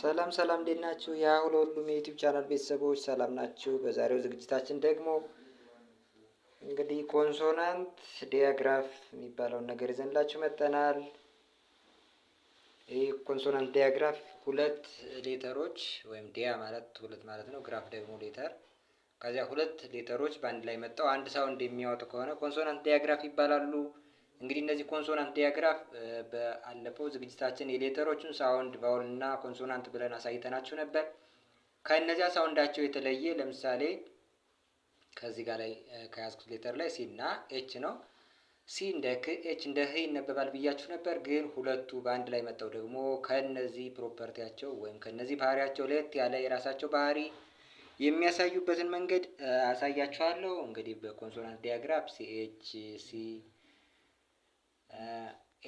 ሰላም ሰላም እንዴት ናችሁ? ያው ለሁሉም የዩቲዩብ ቻናል ቤተሰቦች ሰላም ናችሁ? በዛሬው ዝግጅታችን ደግሞ እንግዲህ ኮንሶናንት ዲያግራፍ የሚባለውን ነገር ይዘንላችሁ መጠናል። ይህ ኮንሶናንት ዲያግራፍ ሁለት ሌተሮች ወይም ዲያ ማለት ሁለት ማለት ነው፣ ግራፍ ደግሞ ሌተር። ከዚያ ሁለት ሌተሮች በአንድ ላይ መጣው አንድ ሳውንድ የሚያወጡ ከሆነ ኮንሶናንት ዲያግራፍ ይባላሉ። እንግዲህ እነዚህ ኮንሶናንት ዲያግራፍ በአለፈው ዝግጅታችን የሌተሮቹን ሳውንድ ቫውል እና ኮንሶናንት ብለን አሳይተናችሁ ነበር። ከእነዚያ ሳውንዳቸው የተለየ ለምሳሌ ከዚህ ጋር ላይ ከያዝኩት ሌተር ላይ ሲ እና ኤች ነው። ሲ እንደ ክ፣ ኤች እንደ ህ ይነበባል ብያችሁ ነበር። ግን ሁለቱ በአንድ ላይ መጠው ደግሞ ከነዚህ ፕሮፐርቲያቸው ወይም ከነዚህ ባህሪያቸው ለየት ያለ የራሳቸው ባህሪ የሚያሳዩበትን መንገድ አሳያችኋለሁ። እንግዲህ በኮንሶናንት ዲያግራፍ ሲ ኤች ሲ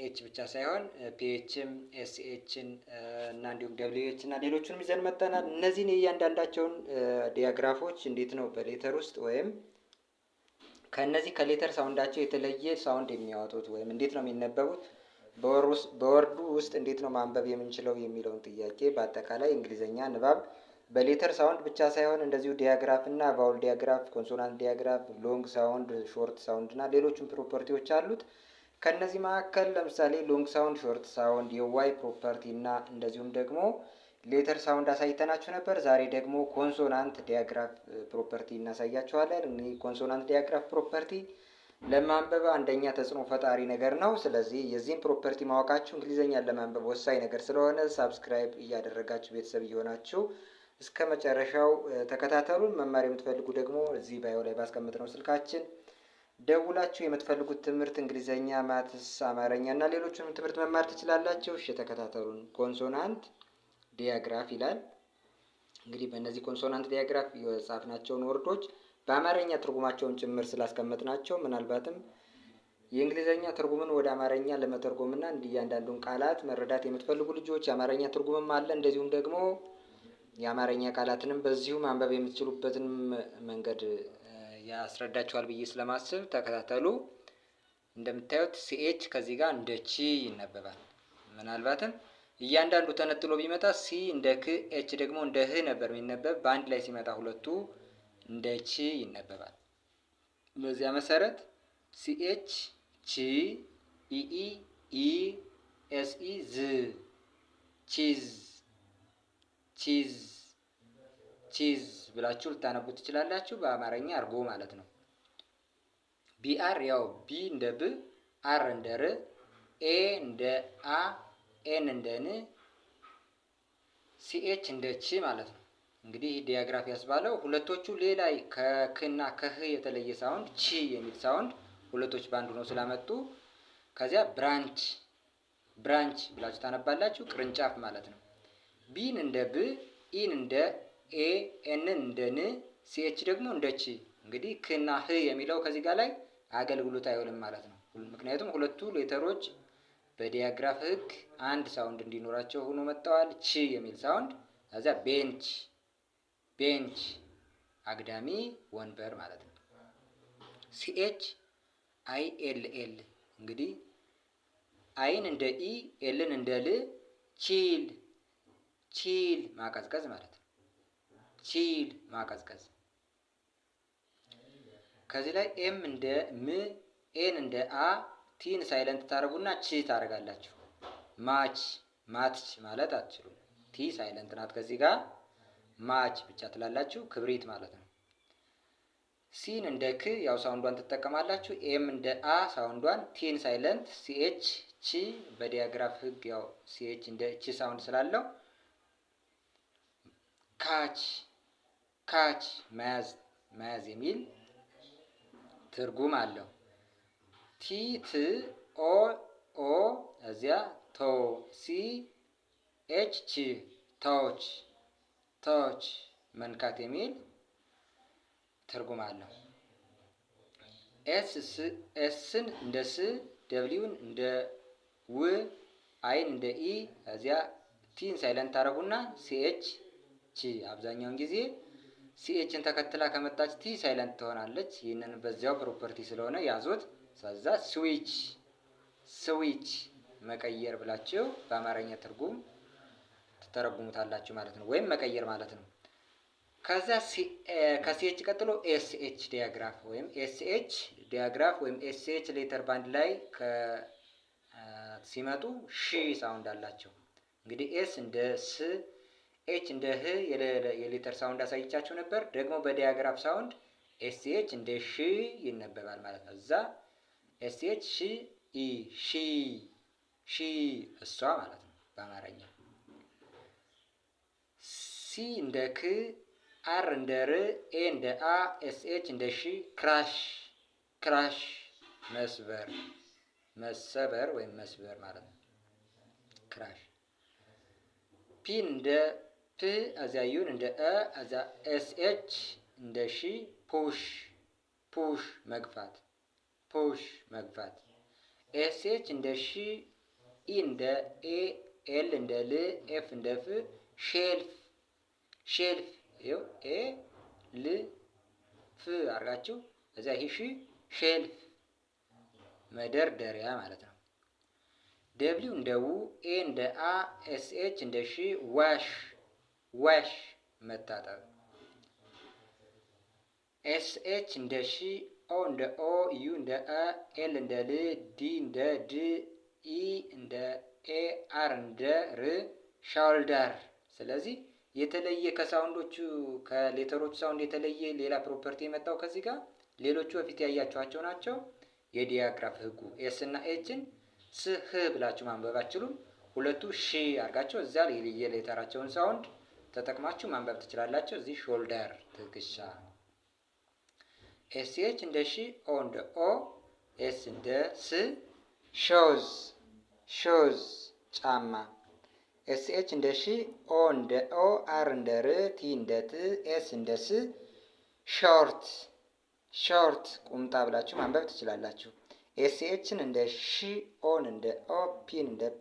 ኤች ብቻ ሳይሆን ፒኤችም ኤስኤችን እና እንዲሁም ደብሊውኤች እና ሌሎቹንም ይዘን መጠናል። እነዚህን እያንዳንዳቸውን ዲያግራፎች እንዴት ነው በሌተር ውስጥ ወይም ከእነዚህ ከሌተር ሳውንዳቸው የተለየ ሳውንድ የሚያወጡት ወይም እንዴት ነው የሚነበቡት በወርዱ ውስጥ እንዴት ነው ማንበብ የምንችለው የሚለውን ጥያቄ በአጠቃላይ እንግሊዝኛ ንባብ በሌተር ሳውንድ ብቻ ሳይሆን እንደዚሁ ዲያግራፍ እና ቫውል ዲያግራፍ፣ ኮንሶናንት ዲያግራፍ፣ ሎንግ ሳውንድ፣ ሾርት ሳውንድ እና ሌሎችም ፕሮፐርቲዎች አሉት። ከእነዚህ መካከል ለምሳሌ ሎንግ ሳውንድ፣ ሾርት ሳውንድ፣ የዋይ ፕሮፐርቲ እና እንደዚሁም ደግሞ ሌተር ሳውንድ አሳይተናችሁ ነበር። ዛሬ ደግሞ ኮንሶናንት ዲያግራፍ ፕሮፐርቲ እናሳያችኋለን። እንግዲህ ኮንሶናንት ዲያግራፍ ፕሮፐርቲ ለማንበብ አንደኛ ተጽዕኖ ፈጣሪ ነገር ነው። ስለዚህ የዚህን ፕሮፐርቲ ማወቃችሁ እንግሊዝኛን ለማንበብ ወሳኝ ነገር ስለሆነ ሳብስክራይብ እያደረጋችሁ ቤተሰብ እየሆናችሁ እስከ መጨረሻው ተከታተሉን። መማር የምትፈልጉ ደግሞ እዚህ ባዮ ላይ ባስቀምጥ ነው ስልካችን ደውላችሁ የምትፈልጉት ትምህርት እንግሊዘኛ፣ ማትስ፣ አማረኛ እና ሌሎችንም ትምህርት መማር ትችላላችሁ። እሺ ተከታተሉን። ኮንሶናንት ዲያግራፍ ይላል። እንግዲህ በእነዚህ ኮንሶናንት ዲያግራፍ የጻፍናቸውን ወርዶች በአማርኛ ትርጉማቸውን ጭምር ስላስቀመጥናቸው ምናልባትም የእንግሊዘኛ ትርጉምን ወደ አማርኛ ለመተርጎምና እያንዳንዱን ቃላት መረዳት የምትፈልጉ ልጆች የአማርኛ ትርጉምም አለ። እንደዚሁም ደግሞ የአማርኛ ቃላትንም በዚሁ ማንበብ የምትችሉበትን መንገድ ያስረዳችኋል ብዬ ስለማስብ ተከታተሉ። እንደምታዩት ሲኤች ከዚህ ጋር እንደ ቺ ይነበባል። ምናልባትም እያንዳንዱ ተነጥሎ ቢመጣ ሲ እንደ ክ፣ ኤች ደግሞ እንደ ህ ነበር የሚነበብ። በአንድ ላይ ሲመጣ ሁለቱ እንደ ቺ ይነበባል። በዚያ መሰረት ሲኤች ቺ፣ ኢኢ ኢ፣ ኤስኢ ዝ፣ ቺዝ ቺዝ ቺዝ ብላችሁ ልታነቡ ትችላላችሁ። በአማርኛ አርጎ ማለት ነው። ቢአር ያው ቢ እንደ ብ፣ አር እንደ ር፣ ኤ እንደ አ፣ ኤን እንደ ን፣ ሲኤች እንደ ቺ ማለት ነው። እንግዲህ ዲያግራፍ ያስባለው ሁለቶቹ ሌላ ከክና ከህ የተለየ ሳውንድ ቺ የሚል ሳውንድ ሁለቶች በአንዱ ነው ስላመጡ ከዚያ ብራንች ብራንች ብላችሁ ታነባላችሁ። ቅርንጫፍ ማለት ነው። ቢን እንደ ብ፣ ኢን እንደ ኤ እንደ ን ሲኤች ደግሞ እንደ ቺ። እንግዲህ ክና ህ የሚለው ከዚህ ጋር ላይ አገልግሎት አይሆንም ማለት ነው። ምክንያቱም ሁለቱ ሌተሮች በዲያግራፍ ህግ አንድ ሳውንድ እንዲኖራቸው ሆኖ መጥተዋል። ቺ የሚል ሳውንድ ከዚያ ቤንች ቤንች አግዳሚ ወንበር ማለት ነው። ሲኤች አይ ኤል ኤል እንግዲህ አይን እንደ ኢ ኤልን እንደ ል ቺል ቺል ማቀዝቀዝ ማለት ነው። ቺል ማቀዝቀዝ። ከዚህ ላይ ኤም እንደ ም ኤን እንደ አ ቲን ሳይለንት ታደርጉና ቺ ታደርጋላችሁ። ማች ማትች ማለት አትችሉም። ቲ ሳይለንት ናት። ከዚህ ጋር ማች ብቻ ትላላችሁ። ክብሪት ማለት ነው። ሲን እንደ ክ ያው ሳውንዷን ትጠቀማላችሁ። ኤም እንደ አ ሳውንዷን፣ ቲን ሳይለንት ሲኤች ቺ በዲያግራፍ ህግ ያው ሲኤች እንደ ቺ ሳውንድ ስላለው ካች ካች መያዝ መያዝ የሚል ትርጉም አለው። ቲ ት ኦ ኦ እዚያ ቶ ሲ ኤች ቺ ታዎች ታዎች መንካት የሚል ትርጉም አለው። ኤስን እንደ ስ ደብሊውን እንደ ው አይን እንደ ኢ እዚያ ቲን ሳይለንት ታረጉና ሲኤች ቺ አብዛኛውን ጊዜ ሲኤችን ተከትላ ከመጣች ቲ ሳይለንት ትሆናለች። ይህንን በዚያው ፕሮፐርቲ ስለሆነ ያዙት። ከዛ ስዊች ስዊች መቀየር ብላችሁ በአማርኛ ትርጉም ትተረጉሙታላችሁ ማለት ነው፣ ወይም መቀየር ማለት ነው። ከዛ ከሲኤች ቀጥሎ ኤስኤች ዲያግራፍ ወይም ኤስኤች ዲያግራፍ ወይም ኤስኤች ሌተር ባንድ ላይ ሲመጡ ሺ ሳውንድ አላቸው። እንግዲህ ኤስ እንደ ስ ኤች እንደ ህ የሌተር ሳውንድ አሳይቻችሁ ነበር። ደግሞ በዲያግራፍ ሳውንድ ኤስኤች እንደ ሺ ይነበባል ማለት ነው። እዛ ኤስኤች ሺ ኢ ሺ ሺ እሷ ማለት ነው በአማርኛ። ሲ እንደ ክ፣ አር እንደ ር፣ ኤ እንደ አ፣ ኤስኤች እንደ ሺ። ክራሽ ክራሽ መስበር መሰበር ወይም መስበር ማለት ነው። ክራሽ ፒ እንደ ፕ እዚያ ዩን እንደ እ እዚያ ኤስ ኤች እንደ ሺ ፑሽ ፑሽ መግፋት ፑሽ መግፋት ኤስ ኤች እንደ ሺ ኢ እንደ ኤ ኤል እንደ ል ኤፍ እንደ ፍ ሼልፍ ሼልፍ ይኸው ኤ ል ፍ አድርጋችሁ እዚያ ይሄ ሺ ሼልፍ መደርደሪያ ማለት ነው። ደብሊው እንደ ው ኤ እንደ አ ኤስ ኤች እንደ ሺ ዋሽ ዋሽ መታጠብ ኤስ ኤች እንደ ሺ ኦ እንደ ኦ ዩ እንደ አ ኤል እንደ ል ዲ እንደ ድ ኢ እንደ ኤ አር እንደ ር ሻውልዳር። ስለዚህ የተለየ ከሳውንዶቹ ከሌተሮቹ ሳውንድ የተለየ ሌላ ፕሮፐርቲ የመጣው ከዚህ ጋር ሌሎቹ በፊት ያያቸዋቸው ናቸው። የዲያግራፍ ህጉ ኤስ እና ኤችን ስህ ብላችሁ ማንበብ አችሉም። ሁለቱ ሺ አድርጋቸው እዛ የሌተራቸውን ሳውንድ ተጠቅማችሁ ማንበብ ትችላላችሁ። እዚህ ሾልደር ትከሻ፣ ኤስኤች እንደ ሺ፣ ኦ እንደ ኦ፣ ኤስ እንደ ስ፣ ሾዝ ሾዝ ጫማ፣ ኤስኤች እንደ ሺ፣ ኦ እንደ ኦ፣ አር እንደ ር፣ ቲ እንደ ት፣ ኤስ እንደ ስ፣ ሾርት ሾርት ቁምጣ ብላችሁ ማንበብ ትችላላችሁ። ኤስኤችን እንደ ሺ፣ ኦን እንደ ኦ፣ ፒን እንደ ፕ፣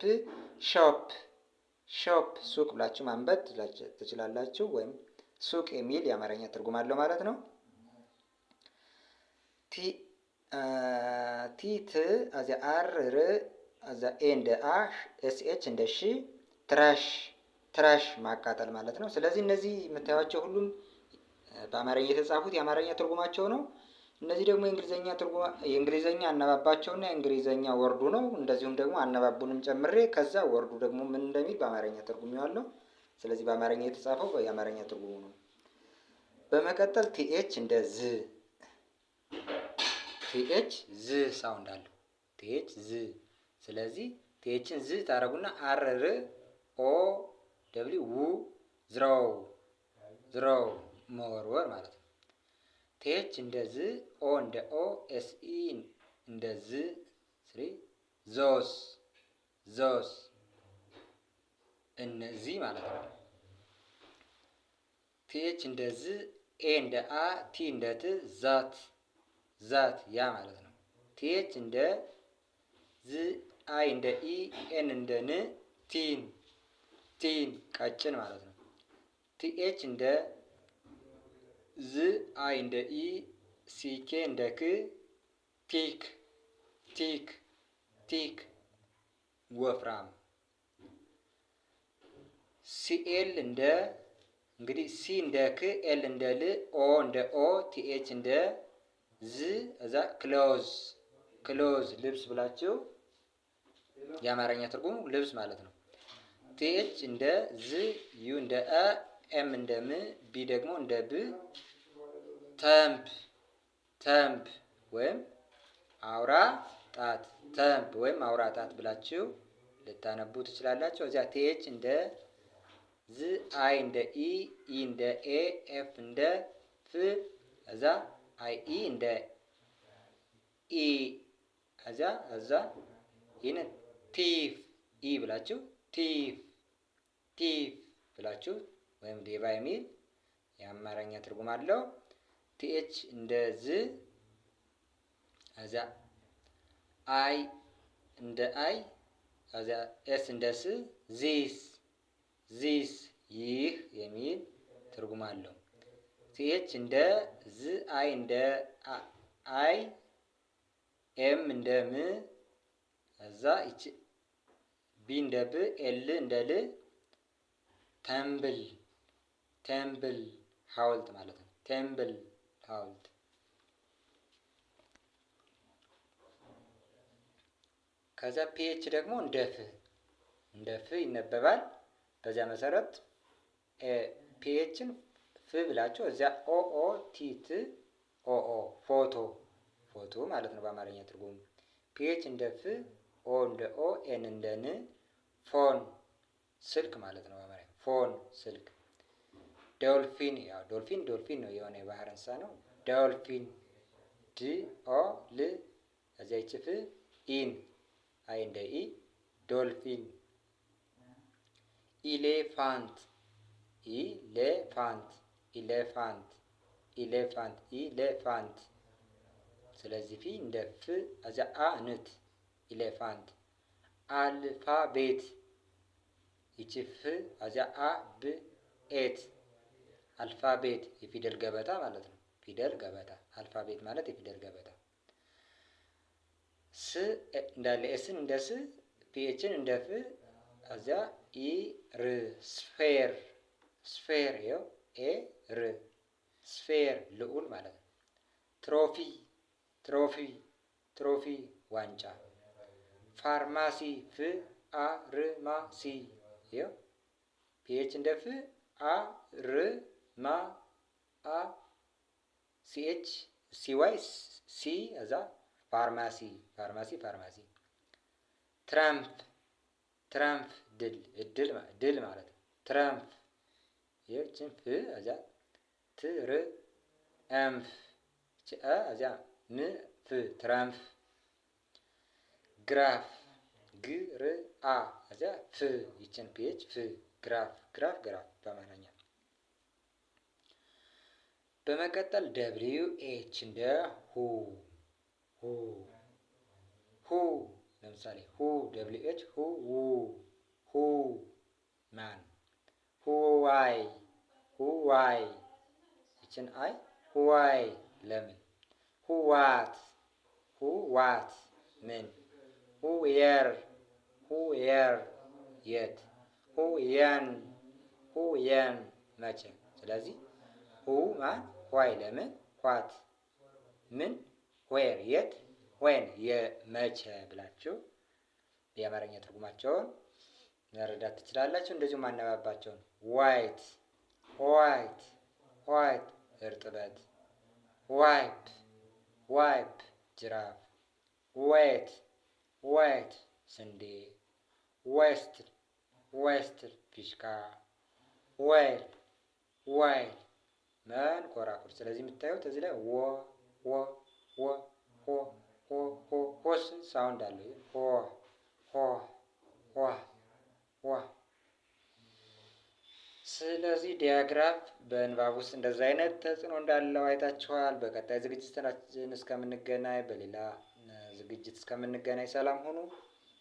ሾፕ ሾፕ ሱቅ ብላችሁ ማንበብ ትችላላችሁ። ወይም ሱቅ የሚል የአማርኛ ትርጉም አለው ማለት ነው። ቲት አዚያ አር ር አዛ ኤ እንደ አ ኤስ ኤች እንደ ሺ ትራሽ ትራሽ ማቃጠል ማለት ነው። ስለዚህ እነዚህ የምታዩቸው ሁሉም በአማርኛ የተጻፉት የአማርኛ ትርጉማቸው ነው። እነዚህ ደግሞ የእንግሊዝኛ ትርጉማ የእንግሊዘኛ አነባባቸውና የእንግሊዝኛ ወርዱ ነው። እንደዚሁም ደግሞ አነባቡንም ጨምሬ ከዛ ወርዱ ደግሞ ምን እንደሚል በአማርኛ ትርጉም ይዋለው። ስለዚህ በአማርኛ የተጻፈው የአማርኛ ትርጉሙ ነው። በመቀጠል ቲኤች እንደ ዝ ቲኤች ዝ ሳውንድ አለው። ቲኤች ዝ። ስለዚህ ቲኤችን ዝ ታረጉና አርር ኦ ደብሊው ው ዝረው ዝረው መወርወር ማለት ነው። ቴች እንደ ዝ ኦ እንደ ኦ ኤስ ኢ እንደ ዝ ስሪ ዞስ ዞስ እነዚህ ማለት ነው። ቲኤች እንደ ዝ ኤ እንደ አ ቲ እንደ ት ዛት ዛት ያ ማለት ነው። ቲኤች እንደ ዝ አይ እንደ ኢ ኤን እንደ ን ቲን ቲን ቀጭን ማለት ነው። ቲኤች እንደ ዝ አይ እንደ ኢ ሲኬ እንደ ክ ቲክ ቲክ ቲክ ወፍራም ሲኤል እንደ እንግዲህ ሲ እንደ ክ ኤል እንደ ል ኦ እንደ ኦ ቲኤች እንደ ዝ እዛ ክሎዝ ክሎዝ ልብስ ብላችሁ የአማርኛ ትርጉሙ ልብስ ማለት ነው። ቲኤች እንደ ዝ ዩ እንደ አ ኤም እንደ ም ቢ ደግሞ እንደ ብ ተምፕ ተምፕ ወይም አውራ ጣት ተምፕ ወይም አውራ ጣት ብላችሁ ልታነቡ ትችላላችሁ። እዚያ ቲኤች እንደ ዝ፣ አይ እንደ ኢ፣ ኢ እንደ ኤ፣ ኤፍ እንደ ፍ፣ እዛ አይ ኢ እንደ ኢ፣ እዛ እዛ ይህን ቲፍ ኢ ብላችሁ ቲፍ ቲፍ ብላችሁ ወይም ሌባ የሚል የአማርኛ ትርጉም አለው። ቲኤች እንደ ዝ እዚያ አይ እንደ አይ እዚያ ኤስ እንደ ስ ዚስ ዚስ ይህ የሚል ትርጉም አለው። ቲኤች እንደ ዝ አይ እንደ አይ ኤም እንደ ም እዛ ይቺ ቢ እንደ ብ ኤል እንደ ል ተምብል ተምብል ሐውልት ማለት ነው። ተምብል ሀውልድ ከዛ ፒኤች ደግሞ እንደ ፍ እንደ ፍ ይነበባል። በዚያ መሰረት ፒኤችን ፍ ብላቸው እዚያ ኦኦ ቲት ኦኦ ፎቶ ፎቶ ማለት ነው በአማርኛ ትርጉም ፒኤች እንደ ፍ፣ ኦ እንደ ኦ፣ ኤን እንደ ን፣ ፎን ስልክ ማለት ነው በአማርኛ ፎን ስልክ ዶልፊን ያው ዶልፊን ዶልፊን ነው የሆነ የባህር እንስሳ ነው። ዶልፊን ዲ ኦ ል እዚያ ይችፍ ኢን አይ እንደ ኢ ዶልፊን ኢሌፋንት ኢሌፋንት ኢሌፋንት ኢሌፋንት ኢሌፋንት ስለዚህ ፊ እንደ ፍ እዚያ አ ነት ኢሌፋንት አልፋቤት ይችፍ እዚያ አ ብ ኤት አልፋቤት የፊደል ገበታ ማለት ነው። ፊደል ገበታ አልፋቤት ማለት የፊደል ገበታ። ስ እንዳለ ኤስን እንደ ስ ፒኤችን እንደ ፍ እዚያ ኢ ር ስፌር ስፌር ይኸው ኤ ር ስፌር ልዑል ማለት ነው። ትሮፊ ትሮፊ ትሮፊ ዋንጫ። ፋርማሲ ፍ አ ር ማ ሲ ይኸው ፒኤች እንደ ፍ አ ር ማ አ ሲኤች ሲዋይ ሲ እዛ ፋርማሲ ፋርማሲ ፋርማሲ ትራምፕ ትራምፕ ድል እድል ድል ማለት ነው። ትራምፕ ይችን ፍ እዛ ትር አምፍ አ እዛ ን ፍ ትራምፕ ግራፍ ግር አ እዛ ፍ ይችን ፒኤች ፍ ግራፍ ግራፍ ግራፍ በአማርኛ በመቀጠል ደብሊዩ ኤች እንደ ሁ ሁ ሁ ለምሳሌ ሁ ደብሊዩ ኤች ሁ ው ሁ ማን ሁ ዋይ ሁ ዋይ ይችን አይ ሁ ዋይ ለምን ሁ ዋት ሁ ዋት ምን ሁ የር ሁ የር የት ሁ የን ሁ የን መቼ ስለዚህ ሁ ማን ዋይ ለምን ኳት ምን ዌር የት ዌን የመቼ ብላችሁ የአማርኛ ትርጉማቸውን መረዳት ትችላላችሁ። እንደዚሁም አነባባቸውን ዋይት ዋይት ዋይት እርጥበት፣ ዋይፕ ዋይፕ ጅራፍ፣ ዌት ዌት ስንዴ፣ ዌስትል ዌስት ፊሽካ፣ ዌል ዌል መንኮራኩር። ስለዚህ የምታዩት እዚህ ላይ ወ ወ ወ ሆ ሆ ሆ ስን ሳውንድ አለው። ሆ ሆ ሆ ሆ። ስለዚህ ዲያግራፍ በንባብ ውስጥ እንደዚህ አይነት ተጽዕኖ እንዳለው አይታችኋል። በቀጣይ ዝግጅትናችን እስከምንገናኝ በሌላ ዝግጅት እስከምንገናኝ ሰላም ሁኑ።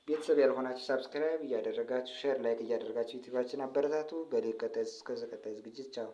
ቤተሰብ ያልሆናችሁ ሳብስክራይብ እያደረጋችሁ ሼር፣ ላይክ እያደረጋችሁ ዩቲዩባችን አበረታቱ። በሌላ ቀጣይ እስከ ቀጣይ ዝግጅት ቻው።